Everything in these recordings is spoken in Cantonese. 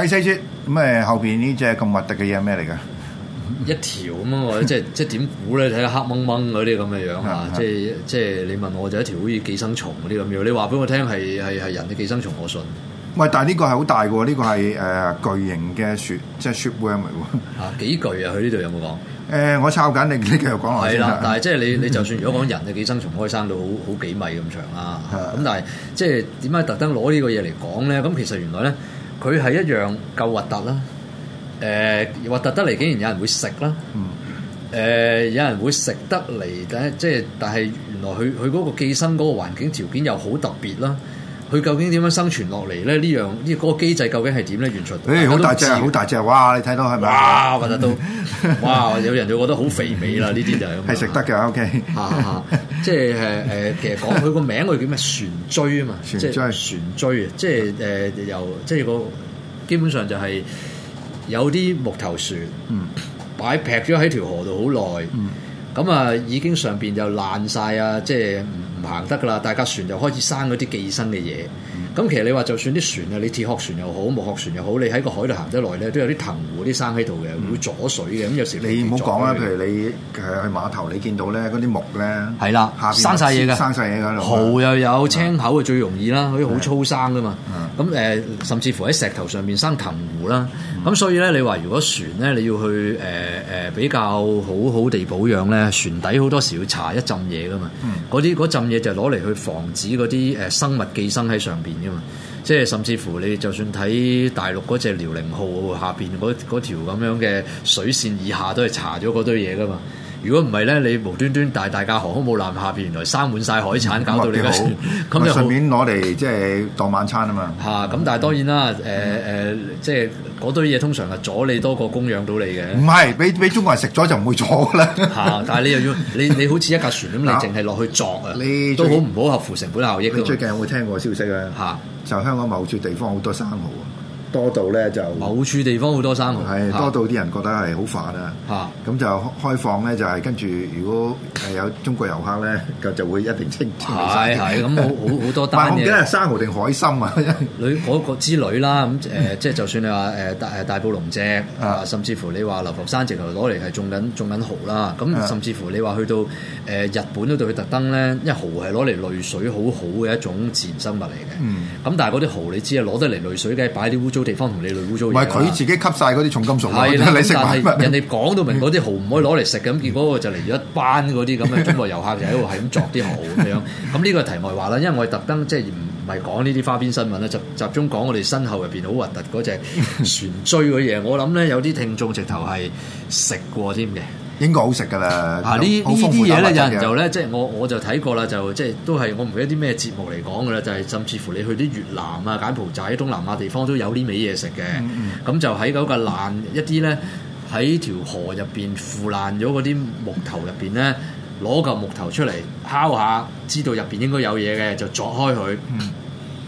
細細隻咁，誒、後邊呢隻咁核突嘅嘢係咩嚟噶？一條咁樣，或者 即係即係點估咧？睇下黑掹掹嗰啲咁嘅樣吓，即係即係你問我就是，一條好似寄生蟲嗰啲咁樣。你話俾我聽係係係人嘅寄生蟲，我信。喂，但係呢個係好大喎，呢，這個係誒、呃、巨型嘅雪，即係 shipworm 喎？啊，幾巨啊！佢呢度有冇講？誒、呃，我抄緊你，你繼續講下先啦。但係即係你你就算如果講人嘅寄生蟲， 可以生到好好幾米咁長啊。咁的、嗯、但係即係點解特登攞呢個嘢嚟講咧？咁其實原來咧。佢係一樣夠核突啦，誒核突得嚟，竟然有人會食啦，誒、呃、有人會食得嚟，但係即係但係原來佢佢嗰個寄生嗰個環境條件又好特別啦。佢究竟點樣生存落嚟咧？呢樣呢、呢個機制究竟係點咧？原出誒好大隻，好大隻，哇！你睇到係咪？哇，核突到。 哇！有人就覺得好肥美啦，呢啲就係咁。係食 得嘅，OK，嚇、 啊、即係誒誒，其實講佢個名佢叫咩船椎啊嘛，船椎船椎啊，即係誒由即係個、呃、基本上就係有啲木頭船，嗯，擺劈咗喺條河度好耐，嗯，咁啊已經上邊就爛晒啊，即係。行得噶啦，大架船就開始生嗰啲寄生嘅嘢。咁其實你話就算啲船啊，你鐵殼船又好，木殼船又好，你喺個海度行得耐咧，都有啲藤壺啲生喺度嘅，會阻水嘅。咁有時你唔好講啦，譬如你去碼頭，你見到咧嗰啲木咧，係啦，生晒嘢嘅，生曬嘢喺度。蠔又有，青口啊最容易啦，嗰啲好粗生噶嘛。咁誒，甚至乎喺石頭上面生藤壺啦。咁所以咧，你話如果船咧，你要去誒誒比較好好地保養咧，船底好多時要搽一浸嘢噶嘛。嗰啲嗰浸。嘢就攞嚟去防止嗰啲誒生物寄生喺上邊噶嘛，即係甚至乎你就算睇大陸嗰隻遼寧號下邊嗰嗰條咁樣嘅水線以下都係查咗嗰堆嘢噶嘛。如果唔係咧，你無端端帶大家航空母艦下邊，原來生滿晒海產，搞到你好。咁，就順便攞嚟即係當晚餐啊嘛。嚇！咁但係當然啦，誒誒，即係嗰堆嘢通常係阻你多過供養到你嘅。唔係，俾俾中國人食咗就唔會阻啦。嚇！但係你又要你你好似一架船咁，你淨係落去作啊？你都好唔好合乎成本效益？你最近有冇聽過消息啊？嚇！就香港某處地方好多生蠔啊！多到咧，就某處地方好多生蠔，係是多到啲人覺得係好煩啊！嚇！咁就開放咧，就係、是、跟住如果係有中國遊客咧，就就會一片清潔生蠔，係咁好好好多單嘅。但係而家係生蠔定海參啊？旅 嗰個之旅啦，咁、呃、誒 即係就算你話誒大誒大堡龍脊啊，啊甚至乎你話流浮山直頭攞嚟係種緊種緊蠔啦，咁、啊啊、甚至乎你話去到誒日本嗰度，去特登咧，因為蠔係攞嚟濾水好好嘅一種自然生物嚟嘅。咁、嗯、但係嗰啲蠔你知啊，攞得嚟濾水嘅，擺啲污糟地方同你類污糟嘢，唔係佢自己吸晒嗰啲重金屬咯。的你但係人哋講到明嗰啲蠔唔可以攞嚟食，咁結果就嚟咗一班嗰啲咁嘅中國遊客就，就喺度係咁作啲蠔咁樣。咁呢個題外話啦，因為我係特登即係唔係講呢啲花邊新聞啦，集集中講我哋身後入邊好核突嗰隻船蛆嗰嘢。我諗咧有啲聽眾直頭係食過添嘅。應該好食噶啦，啊呢呢啲嘢咧有人就咧即係我我就睇過啦，就即係都係我唔記得啲咩節目嚟講噶啦，就係、是、甚至乎你去啲越南啊柬埔寨東南亞地方都有啲味嘢食嘅，咁、嗯嗯、就喺嗰個爛一啲咧喺條河入邊腐爛咗嗰啲木頭入邊咧攞嚿木頭出嚟敲下，知道入邊應該有嘢嘅就鑿開佢。嗯嗯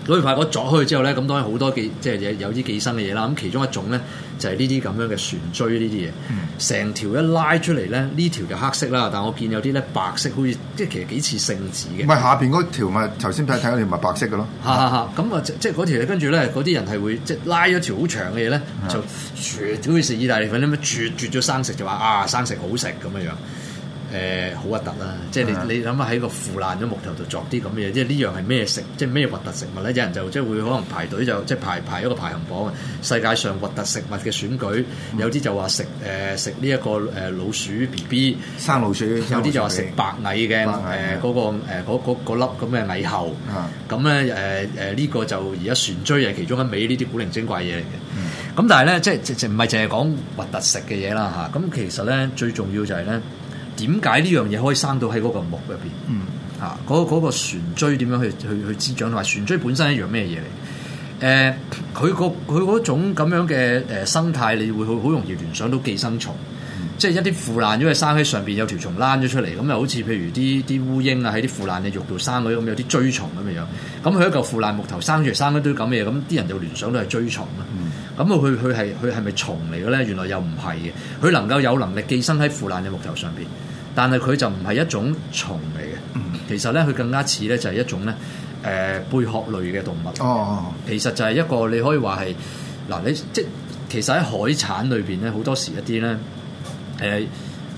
攞嚟派嗰咗開之後咧，咁當然好多寄即係有啲寄生嘅嘢啦。咁其中一種咧就係呢啲咁樣嘅船椎呢啲嘢，成、嗯、條一拉出嚟咧，呢條就黑色啦。但我見有啲咧白色，好似即係其實幾似聖子嘅。唔係下邊嗰條咪頭先睇睇嗰條咪白色嘅咯。咁啊，啊，啊即係嗰條，跟住咧嗰啲人係會即係拉咗條好長嘅嘢咧，就好似食意大利粉咁樣絕絕咗生食就話啊生食好食咁樣樣。誒好核突啦！即係你你諗下喺個腐爛咗木頭度作啲咁嘅嘢，即係呢樣係咩食？即係咩核突食物咧？有人就即係會可能排隊就即係排排一個排行榜啊！世界上核突食物嘅選舉，嗯、有啲就話食誒食呢一個誒老鼠 B B 生老鼠，老鼠有啲就話食白蟻嘅誒嗰個粒咁嘅蟻后。咁咧誒誒呢、呃這個就而家船蛆係其中一味、嗯、呢啲古靈精怪嘢嚟嘅。咁但係咧即係即唔係淨係講核突食嘅嘢啦嚇？咁其實咧最重要就係咧。點解呢樣嘢可以生到喺嗰個木入邊？嗯，吓嗰嗰個船蛆點樣去去去滋長？話船蛆本身一樣咩嘢嚟？誒、呃，佢個佢嗰種咁樣嘅誒生態，你會好容易聯想到寄生蟲，嗯、即係一啲腐爛咗嘅生喺上邊有條蟲躝咗出嚟，咁又好似譬如啲啲烏蠅啊喺啲腐爛嘅肉度生嗰啲咁，有啲蛆蟲咁嘅樣。咁佢一嚿腐爛木頭生住生一堆咁嘢，咁啲人就聯想到係蛆蟲啦。嗯咁佢佢係佢係咪蟲嚟嘅咧？原來又唔係嘅，佢能夠有能力寄生喺腐爛嘅木頭上邊，但係佢就唔係一種蟲嚟嘅。其實咧，佢更加似咧就係一種咧，誒、呃、貝殼類嘅動物。哦，哦其實就係一個你可以話係嗱，你即其實喺海產裏邊咧，好多時一啲咧，誒、呃。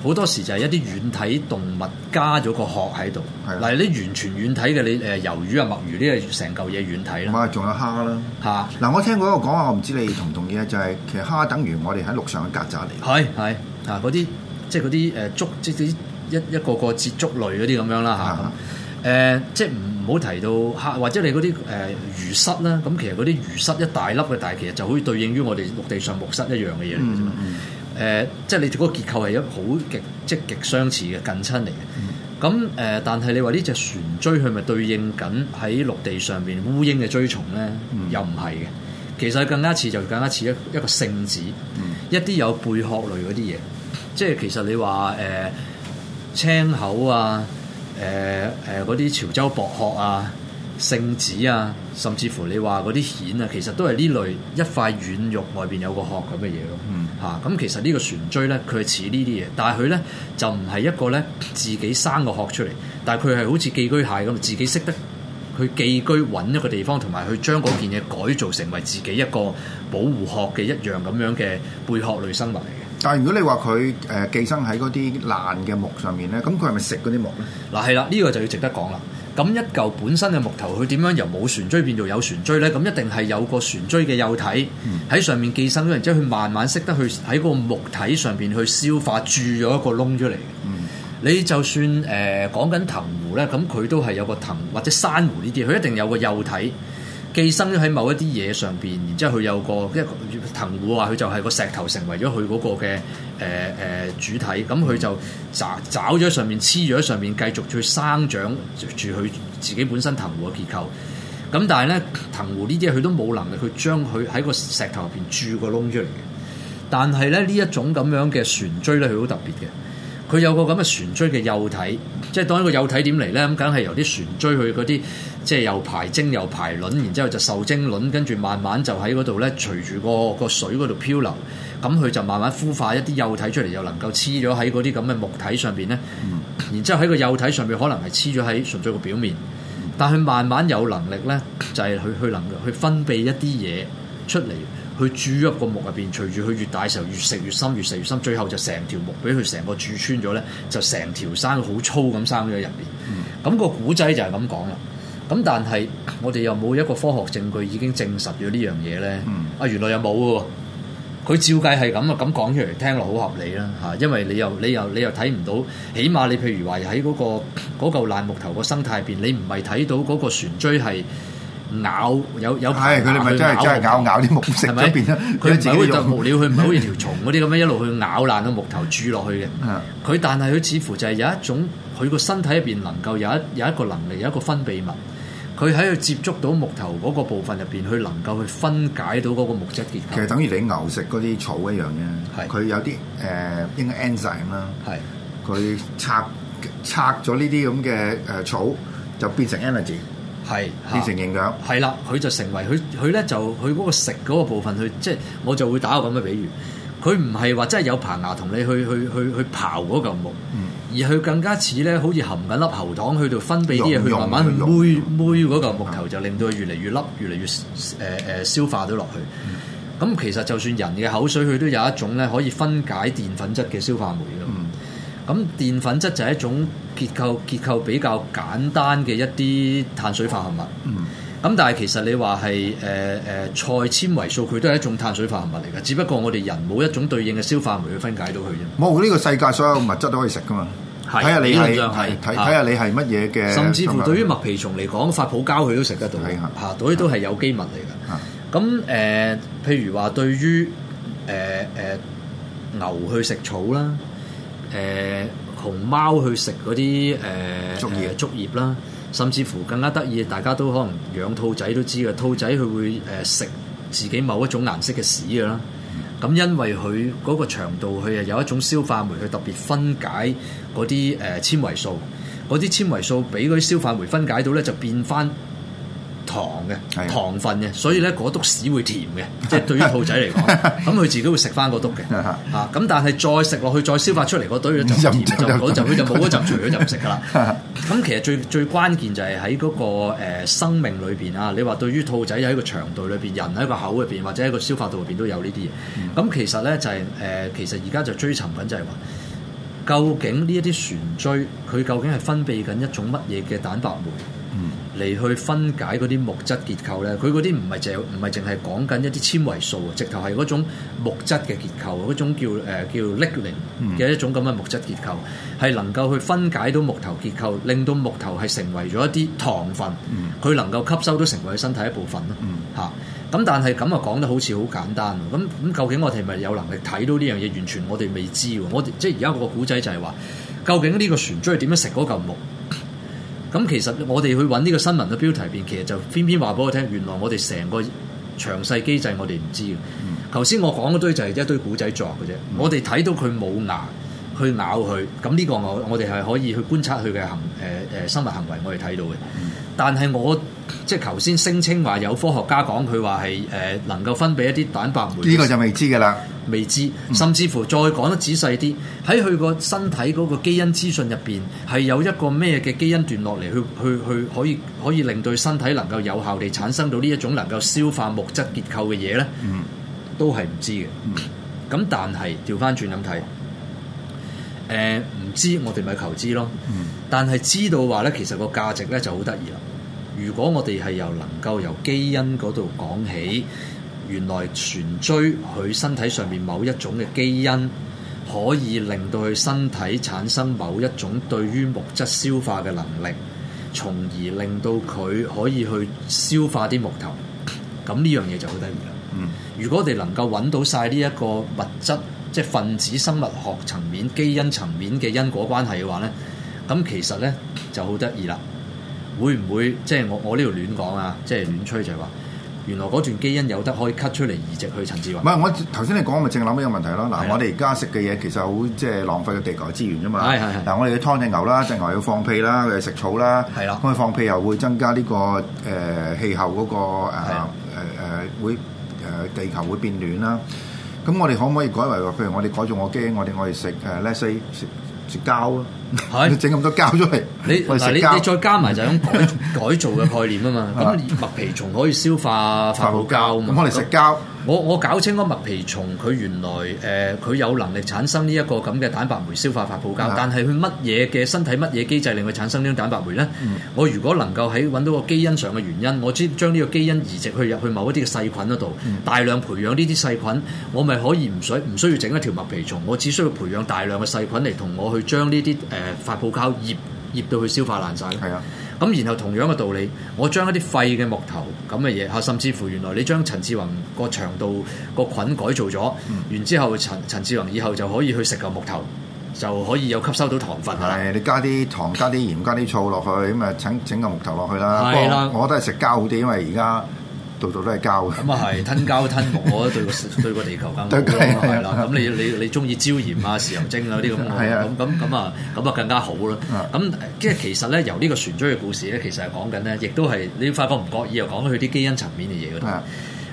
好多時就係一啲軟體動物加咗個殼喺度。嗱的，你完全軟體嘅，你誒魷魚啊、墨魚呢，係成嚿嘢軟體啦。仲有蝦啦。嚇的！嗱，我聽過一個講話，我唔知你同唔同意啊？就係、是、其實蝦等於我哋喺陸上嘅曱甴嚟。係係啊，嗰啲即係嗰啲誒足，即係啲一一個個節足類嗰啲咁樣啦嚇。誒的、呃，即係唔好提到蝦，或者你嗰啲誒魚蝨啦。咁其實嗰啲魚蝨一大粒嘅，但係其實就好似對應於我哋陸地上木蝨一樣嘅嘢嚟啫嘛。嗯嗯嗯。誒、呃，即係你條嗰個結構係一好極積極相似嘅近親嚟嘅。咁誒、嗯呃，但係你話呢隻船蛆佢咪對應緊喺陸地上面烏蠅嘅蛆蟲咧？嗯、又唔係嘅。其實更加似就更加似一一個蟶子，嗯、一啲有貝殼類嗰啲嘢。即係其實你話誒、呃、青口啊，誒誒嗰啲潮州薄殼啊。聖子啊，甚至乎你話嗰啲蜆啊，其實都係呢類一塊軟肉外邊有個殼咁嘅嘢咯。嗯，嚇咁，啊，其實呢個船蛆咧，佢係似呢啲嘢，但係佢咧就唔係一個咧自己生個殼出嚟，但係佢係好似寄居蟹咁，自己識得去寄居揾一個地方，同埋去將嗰件嘢改造成為自己一個保護殼嘅一樣咁樣嘅貝殼類生物嚟嘅。但係如果你話佢誒寄生喺嗰啲爛嘅木上面咧，咁佢係咪食嗰啲木咧？嗱，係啦，呢、呢個就要值得講啦。咁一嚿本身嘅木頭，佢點樣由冇船椎變到有船椎呢？咁一定係有個船椎嘅幼體喺、嗯、上面寄生咗，然之後佢慢慢識得去喺個木體上邊去消化，蛀咗一個窿出嚟。嗯、你就算誒、呃、講緊藤壺呢，咁佢都係有個藤或者珊瑚呢啲，佢一定有個幼體。寄生咗喺某一啲嘢上邊，然之後佢有一個藤一藤壺啊，佢就係個石頭成為咗佢嗰個嘅誒誒主體，咁佢就找爪咗上面，黐咗上面，繼續去生長住佢自己本身藤壺嘅結構。咁但係咧，藤壺呢啲佢都冇能力去將佢喺個石頭入邊鑿個窿出嚟嘅。但係咧，呢一種咁樣嘅船椎咧，佢好特別嘅。佢有個咁嘅船椎嘅幼體，即係當一個幼體點嚟呢？咁梗係由啲船椎去嗰啲，即係又排精又排卵，然之後就受精卵，跟住慢慢就喺嗰度呢，隨住個個水嗰度漂流，咁佢就慢慢孵化一啲幼體出嚟，又能夠黐咗喺嗰啲咁嘅木體上邊呢。嗯、然之後喺個幼體上面，可能係黐咗喺船椎個表面，但係慢慢有能力呢，就係佢去能去分泌一啲嘢出嚟。佢蛀入個木入邊，隨住佢越大嘅時候，越食越深，越食越深，最後就成條木俾佢成個蛀穿咗咧，就成條山好粗咁生咗入邊。咁、嗯、個古仔就係咁講啦。咁但係我哋又冇一個科學證據已經證實咗呢樣嘢咧。嗯、啊，原來又冇喎。佢照計係咁啊，咁講出嚟聽落好合理啦嚇。因為你又你又你又睇唔到，起碼你譬如話喺嗰個嗰嚿、那個、爛木頭個生態入邊，你唔係睇到嗰個船椎係。咬，有有係佢哋咪真係真係咬咬啲木石入邊咧，佢自己用無料去，唔好似條蟲嗰啲咁樣一路去咬爛個木頭，蛀落去嘅。佢 但係佢似乎就係有一種，佢個身體入邊能夠有一有一個能力，有一個分泌物，佢喺度接觸到木頭嗰個部分入邊，佢能夠去分解到嗰個木質結構。其實等於你牛食嗰啲草一樣啫，佢是有啲誒、呃，應該 enzyme 啦，係佢拆拆咗呢啲咁嘅誒草，就變成 energy 係變成營養係啦，佢就成為佢佢咧就佢嗰個食嗰個部分，佢即係我就會打個咁嘅比喻，佢唔係話真係有棚牙同你去去去去刨嗰嚿木，嗯、而佢更加似咧好似含緊粒喉糖去到分泌啲嘢去慢慢去酶酶嗰嚿木頭，嗯、就令到佢越嚟越粒越嚟越誒誒消化到落去。咁、嗯、其實就算人嘅口水，佢都有一種咧可以分解澱粉質嘅消化酶㗎。嗯嗯咁澱粉質就係一種結構結構比較簡單嘅一啲碳水化合物。咁、嗯嗯、但係其實你話係誒誒菜纖維素，佢都係一種碳水化合物嚟噶，只不過我哋人冇一種對應嘅消化酶去分解到佢啫。冇呢、這個世界所有物質都可以食噶嘛？係睇下你係睇睇下你係乜嘢嘅。甚至乎對於麥皮蟲嚟講，發泡膠佢都食得到嘅，嚇、嗯！所以、嗯、都係有機物嚟噶。咁誒、嗯嗯嗯，譬如話對於誒誒、呃呃呃、牛去食草啦。誒熊貓去食嗰啲誒竹葉嘅竹葉啦，甚至乎更加得意，大家都可能養兔仔都知嘅，兔仔佢會誒食自己某一種顏色嘅屎嘅啦。咁因為佢嗰個腸道佢係有一種消化酶，佢特別分解嗰啲誒纖維素，嗰啲纖維素俾嗰啲消化酶分解到咧，就變翻糖嘅糖分嘅，所以咧嗰篤屎會甜嘅，即係對於兔仔嚟講，咁佢自己會食翻嗰篤嘅，吓咁但係再食落去，再消化出嚟嗰堆就甜，住就嗰就佢住就冇嗰陣除咗就唔食噶啦。咁住其實最最關鍵就係喺嗰個誒生命裏邊啊，你話對於兔仔喺一個腸道裏邊，人喺個口裏邊或者喺個消化道裏邊都有呢啲嘢。咁其實咧就係、是、誒，其實而家就追尋緊就係話，究竟呢一啲船蛆佢究竟係分泌緊一種乜嘢嘅蛋白酶？嚟去分解嗰啲木質結構咧，佢嗰啲唔係淨唔係淨係講緊一啲纖維素啊，直頭係嗰種木質嘅結構，嗰種叫誒、呃、叫 lignin 嘅一種咁嘅木質結構，係、嗯、能夠去分解到木頭結構，令到木頭係成為咗一啲糖分，佢、嗯、能夠吸收都成為身體一部分咯嚇。咁、嗯啊、但係咁啊講得好似好簡單喎，咁咁究竟我哋咪有能力睇到呢樣嘢？完全我哋未知喎。我即係而家個古仔就係話，究竟呢個船蛆點樣食嗰嚿木？咁其實我哋去揾呢個新聞嘅標題入邊，其實就偏偏話俾我聽，原來我哋成個詳細機制我哋唔知嘅。頭先、嗯、我講嗰堆就係一堆古仔作嘅啫。嗯、我哋睇到佢冇牙去咬佢，咁呢個我我哋係可以去觀察佢嘅行誒誒、呃、生物行為我，嗯、我哋睇到嘅。但係我即係頭先聲稱話有科學家講佢話係誒能夠分泌一啲蛋白酶，呢、嗯、個就未知㗎啦。未知，甚至乎再講得仔細啲，喺佢個身體嗰個基因資訊入邊，係有一個咩嘅基因段落嚟，去去去可以可以令到身體能夠有效地產生到呢一種能夠消化木質結構嘅嘢咧，都係唔知嘅。咁、嗯、但係調翻轉諗睇，誒唔、呃、知我哋咪求知咯，但係知道話咧，其實個價值咧就好得意啦。如果我哋係由能夠由基因嗰度講起。原來船蛆佢身體上面某一種嘅基因，可以令到佢身體產生某一種對於木質消化嘅能力，從而令到佢可以去消化啲木頭。咁呢樣嘢就好得意啦。嗯，如果我哋能夠揾到晒呢一個物質，即係分子生物學層面、基因層面嘅因果關係嘅話呢，咁其實呢，就好得意啦。會唔會即係、就是、我我呢度亂講啊？即係亂吹就係、是、話。就是原來嗰段基因有得可以 cut 出嚟移植去陳志宏。唔係，我頭先你講，咪正諗呢個問題咯。嗱的，我哋而家食嘅嘢其實好即係浪費個地球資源啫嘛。係係，嗱，我哋要劏隻牛啦，隻牛要放屁啦，佢食草啦。係啦的。咁佢放屁又會增加呢、這個誒、呃、氣候嗰、那個誒誒誒會、呃、地球會變暖啦。咁我哋可唔可以改為譬如我哋改造個基因，我哋我哋食誒 let's say 食。呃食膠咯，你整咁多膠出嚟。你你再加埋就係種改 改造嘅概念啊嘛。咁麥 皮仲可以消化，化到膠，咁我哋食膠。我我搞清嗰麥皮蟲，佢原來誒佢，呃、有能力產生呢一個咁嘅蛋白酶消化發泡膠，的但係佢乜嘢嘅身體乜嘢機制令佢產生呢種蛋白酶呢？嗯、我如果能夠喺揾到個基因上嘅原因，我將將呢個基因移植去入去某一啲嘅細菌嗰度，嗯、大量培養呢啲細菌，我咪可以唔需唔需要整一條麥皮蟲，我只需要培養大量嘅細菌嚟同我去將呢啲誒發泡膠醃醃到去消化爛晒。咧的。係啊。咁然後同樣嘅道理，我將一啲廢嘅木頭咁嘅嘢嚇，甚至乎原來你將陳志宏個腸道個菌改造咗，嗯、然之後陳陳志宏以後就可以去食個木頭，就可以有吸收到糖分。係，你加啲糖、加啲鹽、加啲醋落去，咁啊整整嚿木頭落去啦。係啦是的，我覺得係食膠好啲，因為而家。度都係膠嘅，咁啊係，吞膠吞木，我覺得對個對個地球更加係 解啦。咁 你你你中意椒鹽啊、豉油蒸啊啲咁，咁咁咁啊，咁啊更加好啦。咁即係其實咧，由呢個船追嘅故事咧，其實係講緊咧，亦都係你發覺唔覺意又講咗佢啲基因層面嘅嘢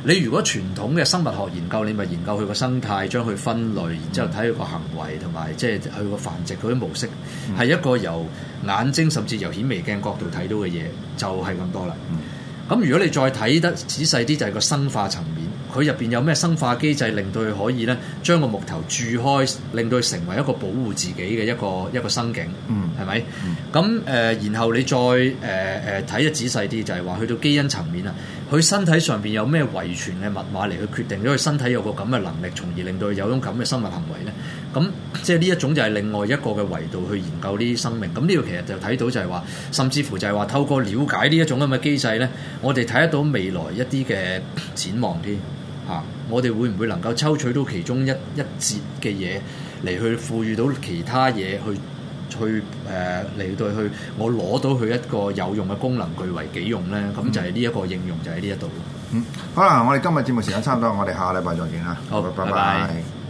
你如果傳統嘅生物學研究，你咪研究佢個生態，將佢分類，然之後睇佢個行為同埋即係佢個繁殖嗰啲模式，係一個由眼睛甚至由顯微鏡角度睇到嘅嘢，就係咁多啦。 咁如果你再睇得仔細啲，就係個生化層面，佢入邊有咩生化機制令到佢可以咧將個木頭蛀開，令到佢成為一個保護自己嘅一個一個生境，嗯，係咪？咁誒，然後你再誒誒睇得仔細啲，就係話去到基因層面啊，佢身體上邊有咩遺傳嘅密碼嚟去決定咗佢身體有個咁嘅能力，從而令到佢有種咁嘅生物行為咧。.咁即係呢一種就係另外一個嘅維度去研究呢啲生命。咁呢個其實就睇到就係話，甚至乎就係話透過了解呢一種咁嘅機制咧，我哋睇得到未來一啲嘅展望添嚇、啊。我哋會唔會能夠抽取到其中一一節嘅嘢嚟去賦予到其他嘢去去誒嚟、呃、到去我攞到佢一個有用嘅功能據為己用咧？咁、嗯、就係呢一個應用就喺呢一度。嗯，好啦，我哋今日節目時間差唔多，我哋下個禮拜再見啦。好拜拜。拜拜。